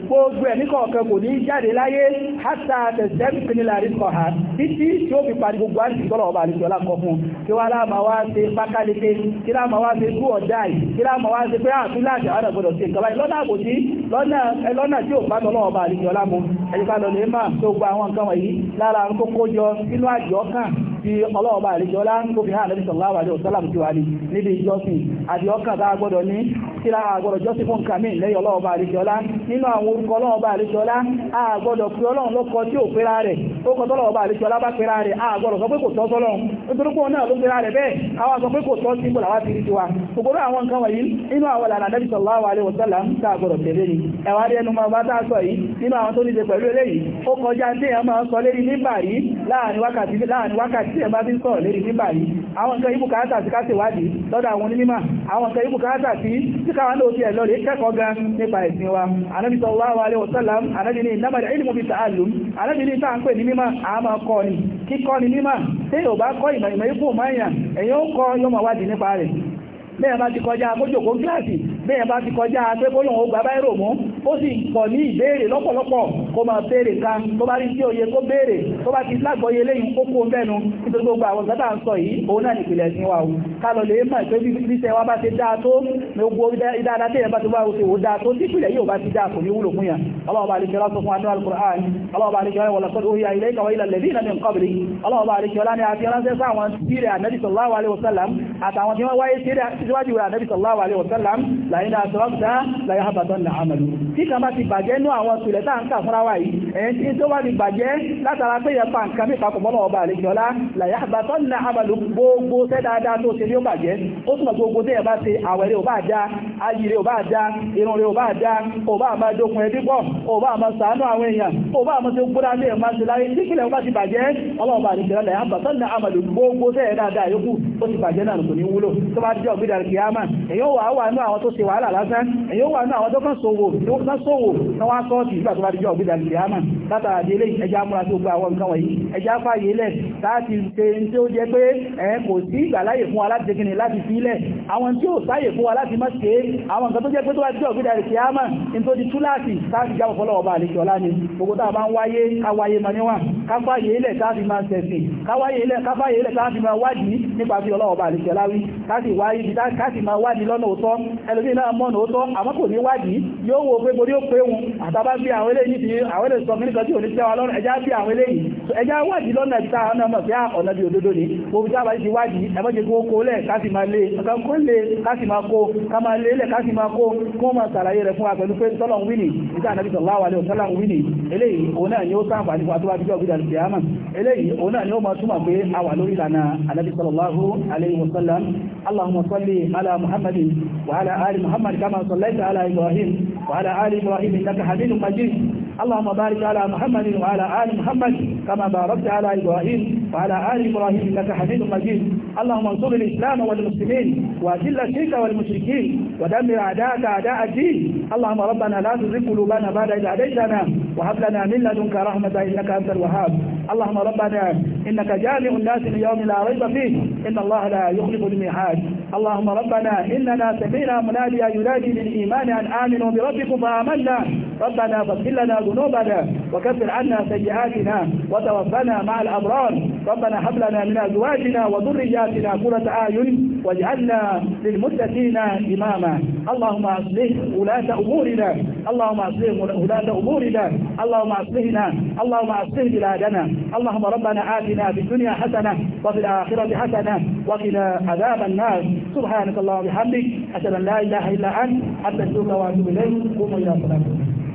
gbogbo ẹ̀mí kọ̀ọ̀kan kò ní jáde láyé hátà tẹ̀sẹ̀mì pínlẹ̀ àríkọ̀ ha títí tí ó fi parí gbogbo àti ọba fún kí wá láàmà wá ṣe kí láàmà wá ṣe kú ọ̀dá yìí kí láàmà wá ṣe pé àtún ah, láti àwọn àgbọ̀dọ̀ ìkọ̀lá tí ọlọ́ọ̀bá àríjọlá kó fi hàn lẹ́bìsọ̀ láwà lè ọ̀sálàm tí wà ní níbi ìjọsìn àti ọkàn bá gbọ́dọ̀ ní kí lára àgbọ́dọ̀ jọ́sìn fún kàmí lẹ́yìn ọlọ́ọ̀bá àríjọlá nínú àwọn orúkọ ọlọ́ọ̀bá àríjọlá àgbọ́dọ̀ pé ọlọ́run ló kọ tí ò pera rẹ̀ ó kọ tọ́lọ́ọ̀bá àríjọlá bá pera rẹ̀ àgbọ́dọ̀ sọ pé kò tọ́ sọ́lọ́run nítorí pé òun náà ló pera rẹ̀ bẹ́ẹ̀ àwa sọ pé kò tọ́ sí bò làwa ti rí tiwa gbogbo àwọn nǹkan wọ̀nyí nínú àwọn ìlànà Ànábì sallallahu alaihi wasallam ń ta àgbọ́dọ̀ tẹ̀lé tí ẹ̀ bá fi ń sọ̀rọ̀ lérí nígbà yìí àwọn nǹkan ìbùkátà sí káṣẹ̀ wádìí lọ́dọ̀ àwọn onímọ̀ àwọn nǹkan ìbùkátà sí tí káwọn lóò ti ẹ̀ lọ́rẹ̀ kẹ́kọ̀ọ́ gan nípa ẹ̀sìn wa anábì sallallahu alaihi wasallam anábì ní innamal ilmu bit-ta'allum tá à ń pè ní mímọ̀ àmọ́ kọ́ ni kíkọ́ ni mímọ̀ tí yóò bá kọ́ ìmọ̀ ikú ó sì kọ̀ ní ìbéèrè lọ́pọ̀lọpọ̀ kó máa béèrè ká tó bá rí tí òye kó béèrè tó bá ti lágbọ́yé lẹ́yìn kókó mẹ́nu nítorí gbogbo àwọn ìgbàtà ń sọ yìí òun náà nìpìlẹ̀ sí wa o ká lọ lè mọ̀ pé bíṣẹ́ wa bá ti dáa tó gbogbo dáadáa tẹ́yẹ bá ti wá oṣù wò dáa tó nípìlẹ̀ yóò bá ti dáa kò ní wúlò fún yàn ọlọ́ọ̀bá àríkẹ́lá sọ fún anú al-Qur'an ọlọ́ọ̀bá àríkẹ́lá wọ̀lá sọ́dọ̀ orí ayilẹ́ ìkàwọ́ ilẹ̀ lẹ́bí ìlànà ìkọbìlì ọlọ́ọ̀bá àríkẹ́lá tí kan bá ti bàjẹ́ nú àwọn tùlẹ̀ tá à ń kà fúnra wa yìí ẹ̀yìn tí tó bá ti bàjẹ́ látara pé yẹn pa nǹkan mí papọ̀ mọ́nà ọba àlejò ọlá làyà àbátọ́ nà àbàlù gbogbo tẹ́ dáadáa tó ṣe ní ó bàjẹ́ ó túnmọ̀ gbogbo tẹ́ yẹn bá ṣe àwẹ̀ rẹ̀ ò bá da ayì rẹ̀ ò bá da irun rẹ̀ ò bá da ò bá máa dokun ẹbí pọ̀ ò bá máa ṣàánú àwọn èèyàn ò bá máa ṣe gbóná lé ẹ̀ máa ṣe láyé tí kílẹ̀ ó bá ti bàjẹ́ ọlọ́ọ̀bà àlejò ọlá làyà àbátọ́ nà àbàlù gbogbo tẹ́ yẹn dáadáa ó ti bàjẹ́ náà kò ní wúlò tó bá jẹ́ ọ̀gbẹ́dà kìámà èyàn wà wà nú àwọn tó ṣe wàhálà lásán èyàn wà nú àwọn tó kàn sówò tó kàn sówò tó wá sọ́ọ̀tì nígbà tó bá jẹ́ ọ̀gbẹ́dà kìámà látara di eléyìí ẹja múra tó gba àwọn nǹkan wọ̀nyí ẹja fàyè lẹ̀ láti ṣe ń tí ó jẹ́ pé ẹ̀ kò sí ìgbàláyè fún wa láti kíni láti fi lẹ̀ àwọn tí ó sáyè fún wa láti má ṣe àwọn nǹkan tó jẹ́ pé tó bá jẹ́ ògbédà rẹ̀ kìá ní tó di túláàsì láti jáwọ́ fọlọ́ ọba àlejò ọlá ni gbogbo tá a bá ń wáyé káwáyé mọ níwọ̀n káfáyè ilẹ̀ káàfi máa ṣẹ̀sìn káwáyé ilẹ̀ káfáyè ilẹ̀ káàfi máa wádìí nípa bí ọlọ́wọ́ ọba àlejò ọlá wí káàfi wáyé ibi káàfi máa wádìí lọ́nà òótọ́ ẹlòmíì náà mọ́nà òótọ́ àmọ́ kò ní wádìí yóò wo pé borí ó pé wọn àtàbá bí àwọn eléyìí ti nǹkan tí ò ní tẹ́wà lọ́rùn ẹjá bí àwọn eléyìí ẹjá wádìí lọ́nà ìta ọ̀nà mọ̀ sí ọ̀nà bí òdodo ni gbogbo jábà ti wádìí ẹmọ́jẹ kó kó lẹ̀ káàsì máa lé kó lè káàsì máa kó ká máa lé lẹ̀ káàsì máa kó kó máa sàlàyé rẹ̀ fún wa pẹ̀lú pé tọ́lọ̀ wíní ìta ànábì sallallahu alaihi wasallam wíní eléyìí òun náà ni ó sáǹfà nípa tó wá bí jọ́ gbídà lùdì àmà eléyìí òun náà ni ó máa túmọ̀ pé a wà اللهم بارك على محمد وعلى آل محمد كما باركت على إبراهيم وعلى آل إبراهيم إنك حميد مجيد اللهم انصر الإسلام والمسلمين وأذل الشرك والمشركين ودمر أعداءك أعداء الدين اللهم ربنا لا تزغ قلوبنا بعد إذ هديتنا وهب لنا من لدنك رحمة إنك أنت الوهاب اللهم ربنا إنك جامع الناس ليوم لا ريب فيه إن الله لا يخلف الميعاد اللهم ربنا إننا سمعنا مناديا ينادي للإيمان أن آمنوا بربكم فآمنا ربنا فاغفر لنا ذنوبنا وكفر عنا سيئاتنا وتوفنا مع الأبرار ربنا هب لنا من أزواجنا وذرياتنا قرة أعين واجعلنا للمتقين إماما اللهم أصلح ولاة أمورنا اللهم أصلح ولاة أمورنا اللهم أصلحنا اللهم أصلح بلادنا اللهم ربنا آتنا في الدنيا حسنة وفي الآخرة حسنة وقنا عذاب الناس سبحانك اللهم وبحمدك أشهد أن لا إله إلا أنت أستغفرك وأتوب إليك قوموا إلى صلاتكم